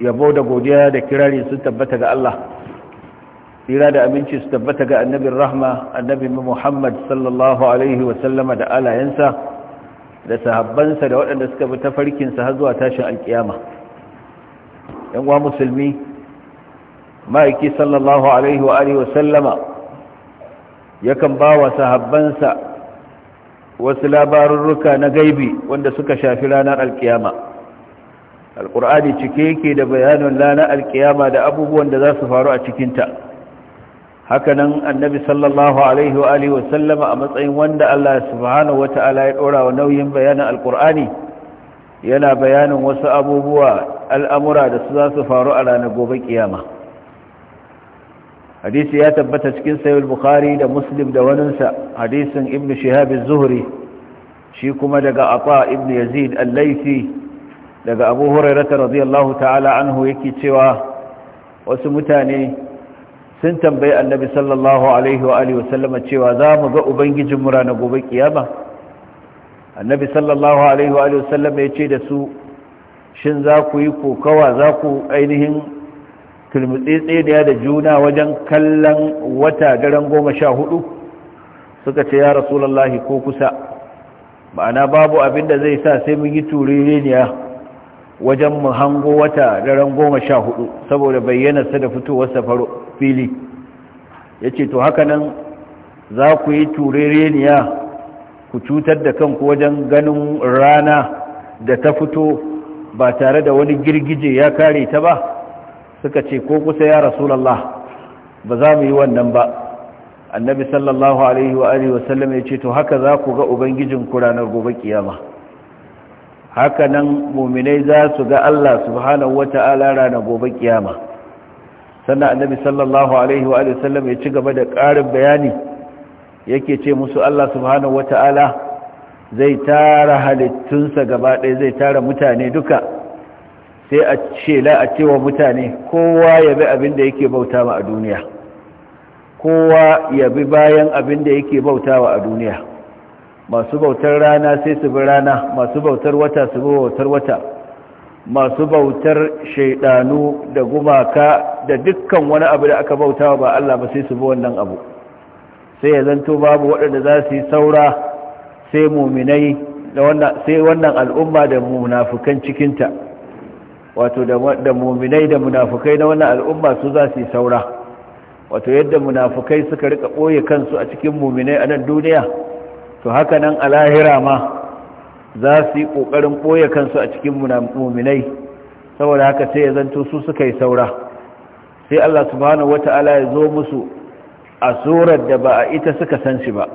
yabo da godiya da kirari sun tabbata ga Allah tsira da aminci su tabbata ga annabin rahma annabin muhammad sallallahu alaihi wasallama da alayensa da sahabbansa da waɗanda suka bi tafarkinsa har zuwa tashin alkiyama yan uwa musulmi ma'aiki sallallahu alaihi wa alihi wasallama yakan ba wa sahabbansa wasu labarurruka na gaibi wanda suka shafi ranar alkiyama alkur'ani cike yake da bayanin lana alkiyama da abubuwan da za su faru a cikinta hakanan annabi sallallahu alaihi wa alihi wasallama a matsayin wanda Allah subhanahu ta'ala ya ɗora wa nauyin bayanin alkur'ani yana bayanin wasu abubuwa al'amura da su za su faru a ranar gobe ƙiyama. hadisi ya tabbata cikin sayul bukhari da muslim da waninsa hadisin ibn shihab az-zuhri shi kuma daga aqa ibn yazid al laifi daga abu hurairata radiyallahu ta'ala anhu yake cewa wasu mutane sun tambayi annabi sallallahu alaihi wa alihi wasallama cewa za mu ga ubangijinmu ranar gobe kiyama annabi sallallahu alaihi wa alihi wasallama ya ce da su shin za ku yi kokawa za ku ainihin tulmutsetse da da juna wajen kallon wata daren goma sha hudu suka ce ya rasulallah ko kusa ma'ana babu abin da zai sa sai mun yi turereniya wajen mu hango wata daren goma sha hudu saboda bayyanarsa da fitowar fitowarsa fili ya ce to haka nan za ku yi turereniya ku cutar da kanku wajen ganin rana da ta fito ba tare da wani girgije ya kare ta ba suka ce ko kusa ya rasulallah ba za mu yi wannan ba annabi sallallahu alaihi wa alihi wasallam ya ce to haka za ku ga ubangijin ku ranar gobe kiyama hakanan muminai za su ga Allah subhanahu wa ta'ala rana gobe kiyama sannan annabi sallallahu alaihi wa sallam ya ci gaba da ƙarin bayani yake ce musu Allah subhanahu wa ta'ala zai tara halittunsa gaba ɗaya zai tara mutane duka sai a shela a cewa mutane kowa ya bi abin da yake bauta a duniya kowa ya bi bayan abin da yake bautawa a duniya masu bautar rana sai su bi rana masu bautar wata su bi bautar wata masu bautar shaidanu da gumaka da dukkan wani abu da aka bauta ba Allah ba sai su bi wannan abu sai ya zanto babu waɗanda za su yi saura sai muminai sai wannan al'umma da munafukan cikinta wato da muminai da munafukai na wannan al'umma su za su yi saura wato yadda munafukai suka rika ɓoye kansu a cikin muminai a nan duniya to haka nan a lahira ma za su yi ƙoƙarin ɓoye kansu a cikin muminai saboda haka sai ya zanto su suka yi saura sai Allah subhanahu ta'ala ya zo musu a surar da ba a ita suka san shi ba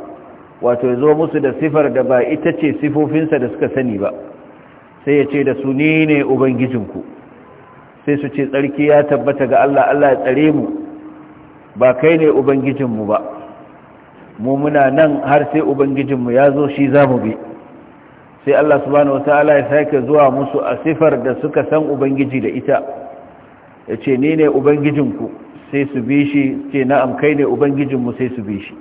wato ya zo musu da sifar da ba ita ce sifofinsa da suka sani ba sai ya ce da su ni ne ubangijinku sai su ce tsarki ya tabbata ga Allah Allah ya tsare mu ba kai ne ubangijinmu ba mu muna nan har sai ubangijinmu ya zo shi za mu bi sai Allah subhanahu wa ta'ala ya sake zuwa musu a sifar da suka san ubangiji da ita ya ce ni ne ubangijinku sai su bi shi ce na'am kai ne ubangijinmu sai su bi shi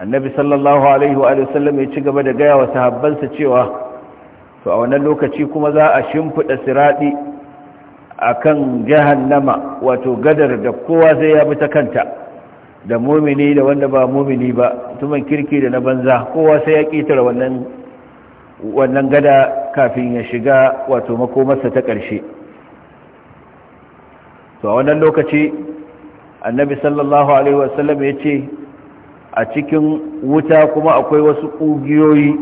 annabi sallallahu alaihi wa sallam ya ci gaba da gaya wa sahabbansa cewa to a wannan lokaci kuma za a shimfiɗa siraɗi a kan jahannama wato gadar da kowa zai ya bi ta kanta da mumini da wanda ba mumini ba tumin kirki da na banza kowa sai ya kitar wannan wannan gada kafin ya shiga wato makomarsa ta ƙarshe to a wannan lokaci annabi sallallahu alaihi wasallam ya ce a cikin wuta kuma akwai wasu ƙugiyoyi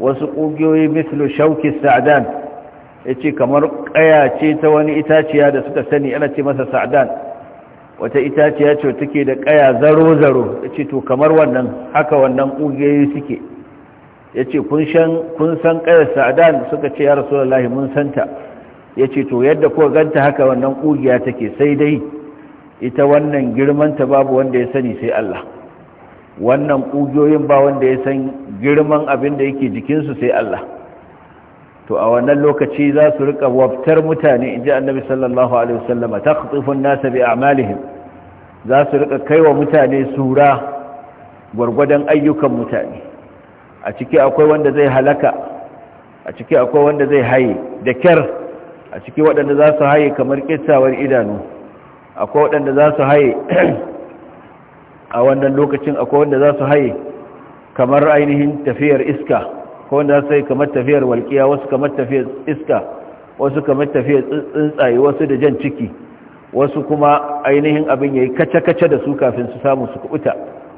wasu ƙugiyoyi mislu shauki sa'dan ya ce kamar ƙaya ce ta wani itaciya da suka sani ana ce masa sa'dan wata itaciya ce take da kaya zaro-zaro ya ce to kamar wannan haka wannan ƙugiyoyi suke ya ce kun san ƙayar sa'adan suka ce ya rasulallahi mun santa ya ce to yadda kuka ganta haka wannan ƙugiya take sai dai ita wannan girmanta babu wanda ya sani sai Allah wannan ƙugiyoyin ba wanda ya san girman abin da yake jikinsu sai Allah to a wannan lokaci za su rika waftar mutane inji annabi sallallahu alaihi wasallam taqtifu an-nas bi a'malihim za su rika wa mutane sura gwargwadon ayyukan mutane a ciki akwai wanda zai halaka a ciki akwai wanda zai haye da kyar a ciki waɗanda za su haye kamar kitsawar idanu akwai waɗanda za su haye a wannan lokacin akwai wanda za su haye kamar ainihin tafiyar iska ko sai za kamar tafiyar walƙiya wasu kamar tafiyar iska wasu kamar tafiyar tsuntsaye wasu da jan ciki wasu kuma ainihin abin ya yi kace-kace da su kafin su samu su kuɓuta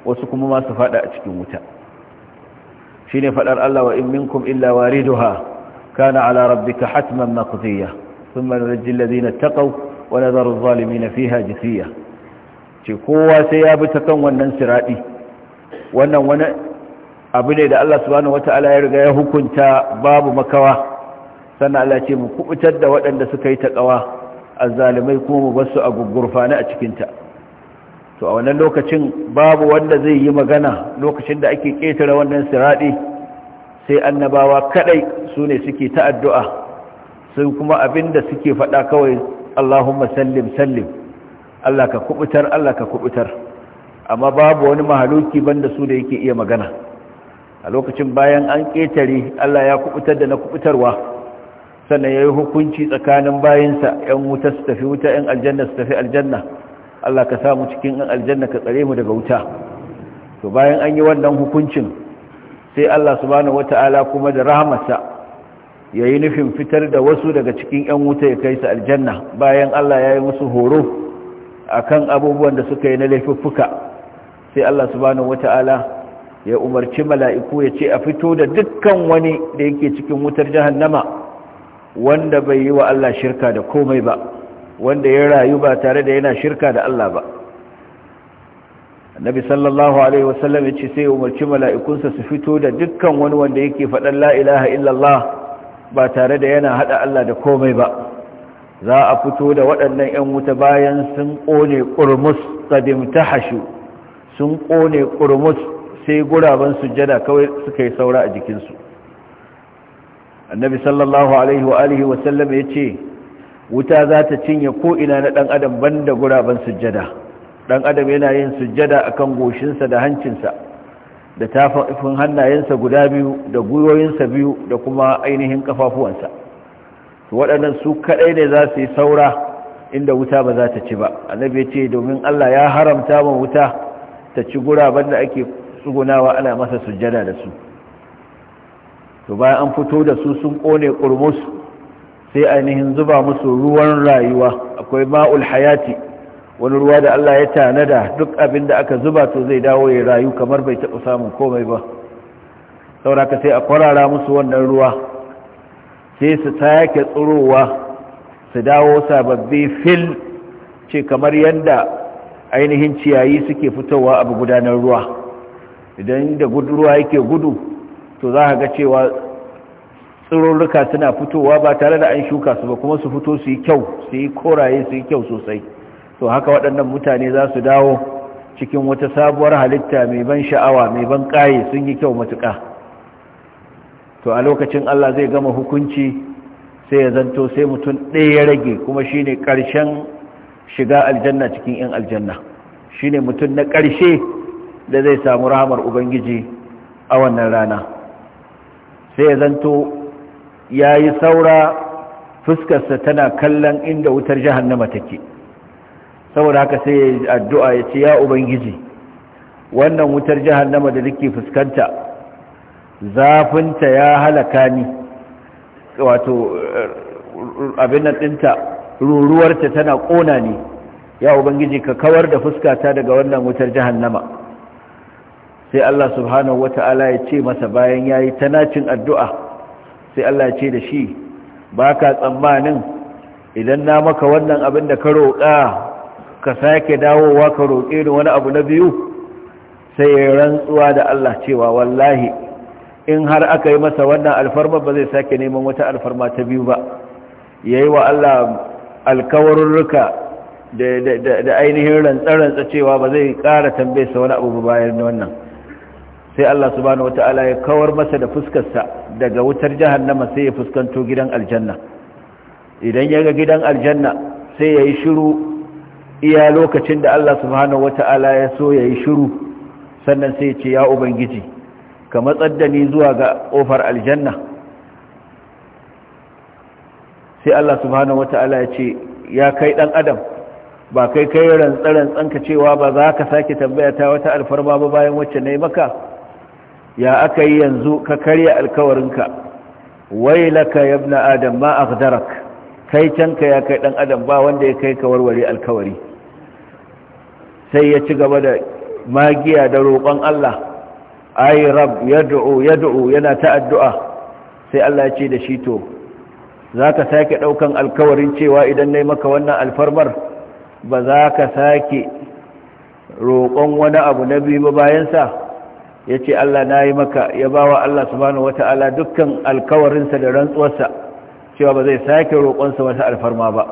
wasu kuma ma su faɗa a cikin wuta shi ne faɗar Allah wa in minkum illa wariduha kana ala rabbika hatman maqdiya thumma nunajji alladhina taqaw wa nadharu adh-dhalimin fiha jithiya ce kowa sai ya bi ta kan wannan siradi wannan wani abu ne da Allah subhanahu wata'ala ya riga ya hukunta babu makawa sannan Allah ce mu kubutar da waɗanda suka yi taƙawa a zalimai kuma mu basu a gurfana a cikinta to a wannan lokacin babu wanda zai yi magana lokacin da ake ƙetare wannan siraɗi sai annabawa kaɗai su ne suke ta addu'a sun kuma abin da suke faɗa kawai Allahumma sallim sallim Allah ka kubutar Allah ka kubutar amma babu wani mahaluki banda su da yake iya magana a lokacin bayan an ƙetare Allah ya kubutar da na kubutarwa sannan ya yi hukunci tsakanin bayansa ‘yan wuta su tafi wuta ‘yan aljanna su tafi aljanna Allah ka samu cikin ‘yan aljanna ka tsare mu daga wuta to bayan an yi wannan hukuncin sai Allah subhanahu wata'ala kuma da rahamarsa ya yi nufin fitar da wasu daga cikin 'yan wuta ya kai su aljanna bayan Allah ya yi musu horo a kan abubuwan da suka yi na laifuffuka sai Allah subhanahu wata'ala ya umarci mala'iku ya ce a fito da dukkan wani da yake cikin wutar jahannama wanda bai yi wa Allah shirka da komai ba wanda ya rayu ba tare da yana shirka da Allah ba annabi sallallahu alaihi wasallam ya ce sai umarci mala'ikunsa su fito da dukkan wani wanda yake faɗan la ilaha illallah ba tare da yana haɗa Allah da komai ba za a fito da waɗannan 'yan wuta bayan sun ƙone ƙurmus ƙadim ta hashu sun ƙone ƙurmus sai guraben sujjada kawai suka yi saura a jikinsu annabi sallallahu alaihi wa alihi wa sallam ya ce wuta za ta cinye ko'ina na ɗan adam banda guraben sujjada ɗan adam yana yin sujjada kan goshinsa da hancinsa da tafin hannayensa guda biyu da gwiwoyinsa biyu da kuma ainihin kafafuwansa waɗannan su kaɗai ne za su yi saura inda wuta ba za ta ci ba annabi ya ce domin Allah ya haramta ma wuta ta ci guraben da ake tsugunawa ana masa sujjada da su to bayan an fito da su sun kone kurmus sai ainihin zuba musu ruwan rayuwa akwai ma'ul hayati wani ruwa da Allah ya tanada duk abin da aka zuba to zai dawo ya rayu kamar bai taɓa samun komai ba sauraka sai a kwarara musu wannan ruwa sai su take tsurowa su dawo sababbi fil ce kamar yadda ainihin ciyayi suke fitowa abu gudanar ruwa idan da gudurwa yake gudu to za ga cewa tsirurruka suna fitowa ba tare da an shuka su ba kuma su fito su yi kyau su yi koraye su yi kyau sosai to haka waɗannan mutane za su dawo cikin wata sabuwar halitta mai ban sha'awa mai ban ƙaye sun yi kyau matuƙa to a lokacin Allah zai gama hukunci sai ya zanto sai mutum ɗaya ya rage kuma shi ne ƙarshen shiga aljanna cikin 'yan aljanna shi ne mutum na ƙarshe da zai samu rahamar ubangiji a wannan rana sai ya zanto ya yi saura fuskarsa tana kallon inda wutar jahannama take saboda haka sai ya yi addu'a ya ce ya ubangiji wannan wutar jahannama da nake fuskanta zafinta ya halaka ni wato abin na tsinta ruruwarta tana ƙona ne ya ubangiji ka kawar da fuskata daga wannan wutar jahannama sai Allah subhanahu wata'ala ya ce masa bayan ya yayi tanacin addu'a sai Allah ya ce da shi ba ka tsammanin idan na maka wannan abin da ka roƙa ka sake dawowa ka roƙe ni wani abu na biyu sai ya rantsuwa da Allah cewa wallahi in har aka yi masa wannan alfarma ba zai sake neman wata alfarma ta biyu ba ya yi wa Allah alkawarurruka da ainihin rantsar rantsa cewa ba zai ƙara sa wani abu bayan wannan sai Allah subhanahu wata'ala ya kawar masa da fuskarsa daga wutar jahannama sai ya fuskanto gidan aljanna idan ya ga gidan aljanna sai ya yi shiru iya lokacin da Allah subhanahu wata'ala ya so ya yi shiru sannan sai ya ce ya ubangiji ka matsar da ni zuwa ga ƙofar aljanna sai Allah subhanahu wata'ala ya ce ya kai ɗan adam ba kai kai ka cewa ba za ka sake tambaya ta wata alfarma ba bayan wacce na yi maka ya aka yi yanzu ka karya alkawarinka wailaka ya ibn adam ma Darak? kai canka ya kai dan adam ba wanda ya kai ka warware alkawari sai ya ci gaba da magiya da roƙon Allah ai rab yad'u yad'u yana ta addu'a sai Allah ya ce da shi to zaka sake ɗaukan alkawarin cewa idan na yi maka wannan alfarmar ba za ka sake roƙon wani abu na biyu ba sa? ya ce Allah na yi maka ya ba wa Allah subhanahu wa ta'ala dukkan alkawarinsa da rantsuwarsa cewa ba zai sake roƙonsa wata alfarma ba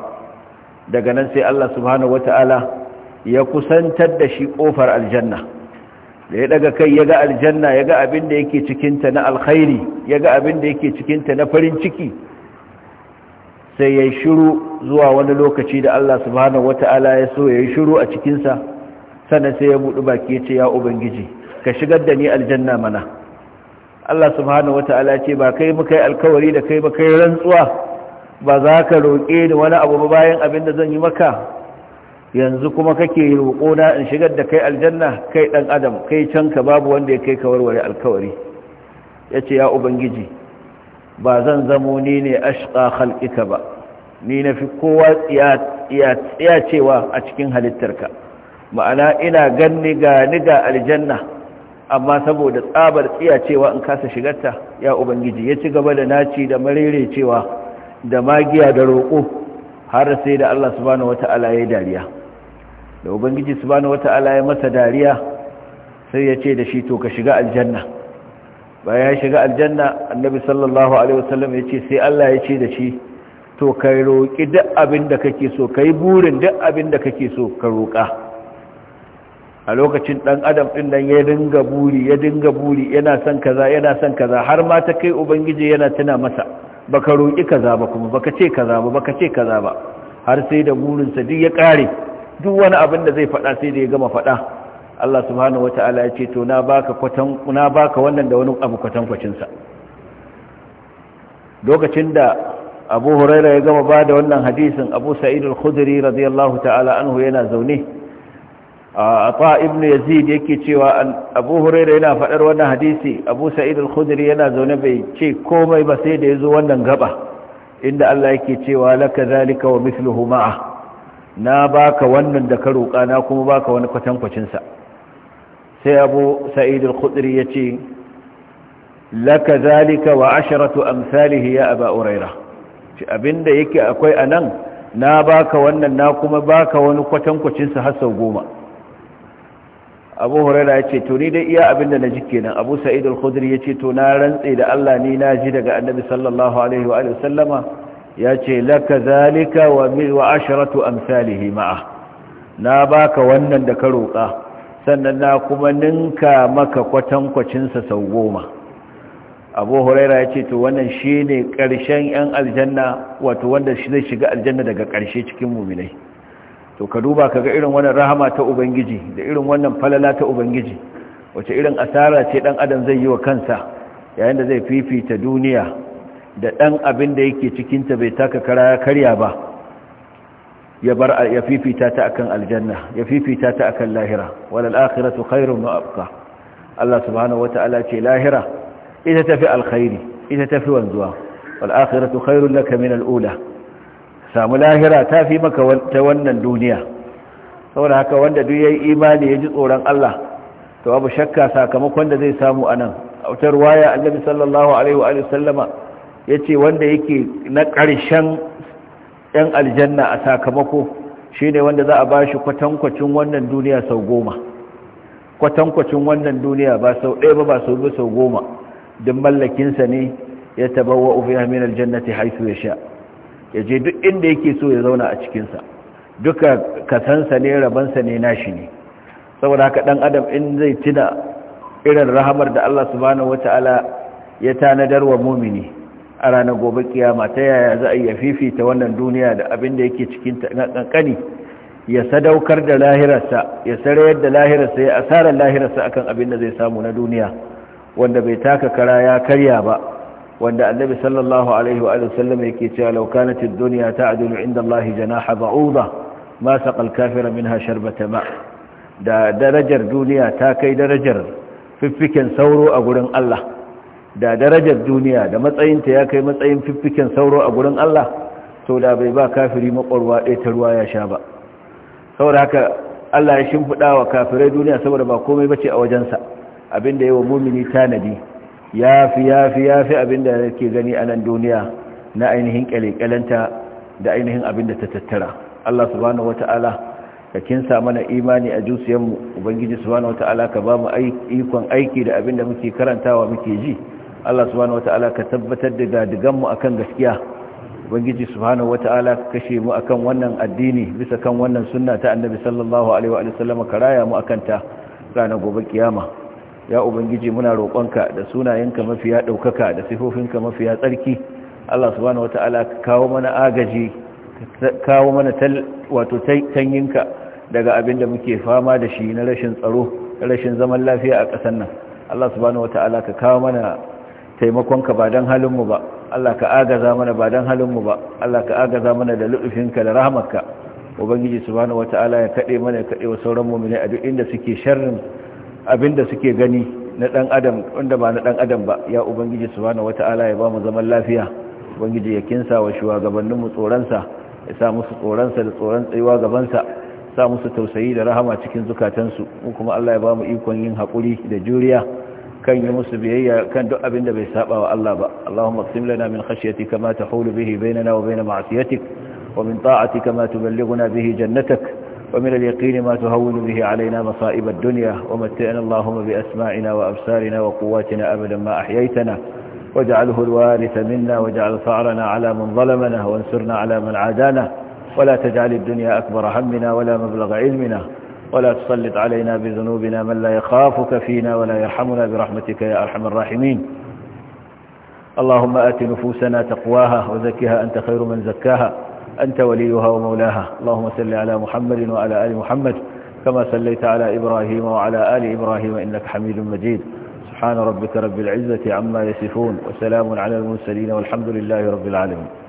daga nan sai Allah subhanahu wa ta'ala ya kusantar da shi ƙofar aljanna da ya daga kai ya ga aljanna ya ga abin da yake cikinta na alkhairi ya ga abin da yake cikinta na farin ciki sai ya shiru zuwa wani lokaci da Allah subhanahu wa ta'ala ya so ya yi shiru a cikinsa sannan sai ya buɗi baki ya ce ya ubangiji ka shigar da ni aljanna mana Allah subhanahu wata'ala ce ba kai muka yi alkawari da kai ba kai rantsuwa ba za ka roƙe ni wani abu ba bayan abin da zan yi maka yanzu kuma kake na in shigar da kai aljanna kai ɗan adam kai can ka babu wanda ya kai ka warware alkawari yace ya ubangiji ba zan zamo ni ne ashqa khalqika ba ni na fi kowa ya cewa a cikin halittarka ma'ana ina ganni ga ni ga aljanna amma saboda tsabar tsiya cewa in kasa shigarta ya ubangiji ya ci gaba da naci da marere cewa da magiya da roƙo har sai da Allah subhanahu wata'ala ya dariya da ubangiji subhanahu wata'ala ya masa dariya sai ya ce da shi to ka shiga aljanna bayan ya shiga aljanna annabi sallallahu alaihi wasallam ya ce sai Allah ya ce da shi to kai roƙi duk abin da kake so kai burin duk abin da kake so ka roƙa a lokacin dan adam ɗin nan ya dinga buri ya dinga buri yana son kaza yana son kaza har ma ta kai ubangiji yana tana masa baka roki kaza ba kuma baka ce kaza ba baka ce kaza ba har sai da burinsa duk ya kare duk wani abin da zai faɗa sai da ya gama faɗa Allah subhanahu wata'ala ya ce to na baka kwatan na baka wannan da wani abu kwatan kwacin sa lokacin da Abu Hurairah ya gama bada wannan hadisin Abu Sa'id al-Khudri radiyallahu ta'ala anhu yana zaune ata ibn yazid yake cewa abu huraira yana faɗar wannan hadisi abu sa'id al-khudri yana zaune bai ce komai ba sai da yazo wannan gaba inda Allah yake cewa laka zalika wa mithluhu ma'a na baka wannan da ka roƙa na kuma baka wani kwatankwacin sa sai abu sa'id al-khudri yace laka zalika wa asharatu amsalihi ya aba huraira ci abinda yake akwai anan na baka wannan na kuma baka wani kwatankwacin sa har sau goma abu huraira ya ce to ni dai iya abinda na ji kenan abu sa'id al-khudri ya ce to na rantse da Allah ni na ji daga annabi sallallahu alaihi wa sallama ya ce laka zalika wa wa asharatu amsalihi ma'a na baka wannan da ka roƙa sannan na kuma ninka maka kwatankwacin sa sau goma abu huraira ya ce to wannan shine karshen yan aljanna wato wanda shi zai shiga aljanna daga ƙarshe cikin mu'minai to ka duba ka ga irin wannan rahama ta ubangiji da irin wannan falala ta ubangiji wace irin asara ce dan adam zai yi wa kansa yayin da zai fifita duniya da dan abin da yake cikinta bai taka kara karya ba ya bar ya fifita ta akan aljanna ya fifita ta akan lahira walal akhiratu khairun wa abqa Allah subhanahu wataala ce lahira ita tafi alkhairi ita tafi wanzuwa wal akhiratu khairun laka min al ula samu lahira ta fi maka ta wannan duniya saboda haka wanda duk yi imani ya ji tsoron Allah to abu shakka sakamakon da zai samu anan autar waya annabi sallallahu alaihi wa sallama yace wanda yake na ƙarshen yan aljanna a sakamako shine wanda za a bashi kwatankwacin wannan duniya sau goma kwatankwacin wannan duniya ba sau ɗaya ba ba sau biyu sau goma duk mallakinsa ne ya tabawa ufiya min aljannati ya sha. ya je duk inda yake so ya zauna a cikinsa duka kasansa ne rabansa ne nashi ne saboda haka dan adam in zai tuna irin rahamar da Allah subhanahu wata'ala ya tanadar wa mumini a ranar gobe kiyama ta yaya za a yi fifita wannan duniya da abin da yake cikin kankani ya sadaukar da lahirarsa ya sarayar da lahirarsa ya asarar lahirarsa akan abin da zai samu na duniya wanda bai taka kara ya karya ba wanda annabi sallallahu alaihi wa sallam yake cewa law kanat ad-dunya ta'dilu 'inda Allah janaha ba'udha ma saqa al-kafira minha ma da darajar duniya ta kai darajar fiffiken sauro a gurin Allah da darajar duniya da matsayinta ya kai matsayin fiffiken sauro a gurin Allah to da bai ba kafiri makwarwa ɗaya ta ruwa ya sha ba saboda haka Allah ya shimfiɗa wa kafirai duniya saboda ba komai bace a wajensa abinda yawa mumini tanadi ya fi ya fi ya fi abinda yake gani a nan duniya na ainihin kyalekyalenta da ainihin abinda ta tattara Allah subhanahu ka kinsa mana imani a mu ubangiji subhanahu wata'ala ka ba mu ikon aiki da abinda muke karantawa muke ji Allah subhanahu ka tabbatar da a kan gaskiya ubangiji subhanahu wata'ala ka kashe mu kan wannan addini bisa kan wannan sunna ta annabi sallallahu alaihi wa sallam ka raya mu akan ta ranar gobe kiyama ya ubangiji muna roƙonka da sunayenka mafiya ɗaukaka da sifofinka mafiya tsarki Allah subhanahu wata'ala kawo mana agaji kawo mana wato tanyinka daga abin da muke fama da shi na rashin tsaro rashin zaman lafiya a ƙasar nan Allah subhanahu wata'ala ka kawo mana taimakonka ba don halinmu ba Allah ka agaza mana ba don halinmu ba Allah ka agaza mana da lu'ufinka da rahmarka ubangiji subhanahu wata'ala ya kaɗe mana ya kaɗe wa sauran mu'mini a duk inda suke sharrin abinda suke gani na dan adam wanda ba na dan adam ba ya ubangiji subhanahu wataala ya ba mu zaman lafiya ubangiji ya kinsa wa shugabanninmu tsoronsa ya sa musu tsoronsa da tsoron tsayuwa gabansa sa musu tausayi da rahama cikin zukatansu mu kuma Allah ya ba mu ikon yin haƙuri da juriya kan yi musu biyayya kan duk abin da bai saba wa Allah ba Allahumma qsim lana min khashyatika ma tahulu bihi bainana wa bain ma'siyatik wa min ta'atika ma tuballighuna bihi jannatak ومن اليقين ما تهون به علينا مصائب الدنيا ومتئنا اللهم بأسماعنا وأبصارنا وقواتنا أبدا ما أحييتنا واجعله الوارث منا واجعل ثأرنا على من ظلمنا وانصرنا على من عادانا ولا تجعل الدنيا أكبر همنا ولا مبلغ علمنا ولا تسلط علينا بذنوبنا من لا يخافك فينا ولا يرحمنا برحمتك يا أرحم الراحمين اللهم آت نفوسنا تقواها وزكها أنت خير من زكاها أنت وليها ومولاها اللهم صل على محمد وعلى آل محمد كما صليت على إبراهيم وعلى آل إبراهيم إنك حميد مجيد سبحان ربك رب العزة عما يصفون وسلام على المرسلين والحمد لله رب العالمين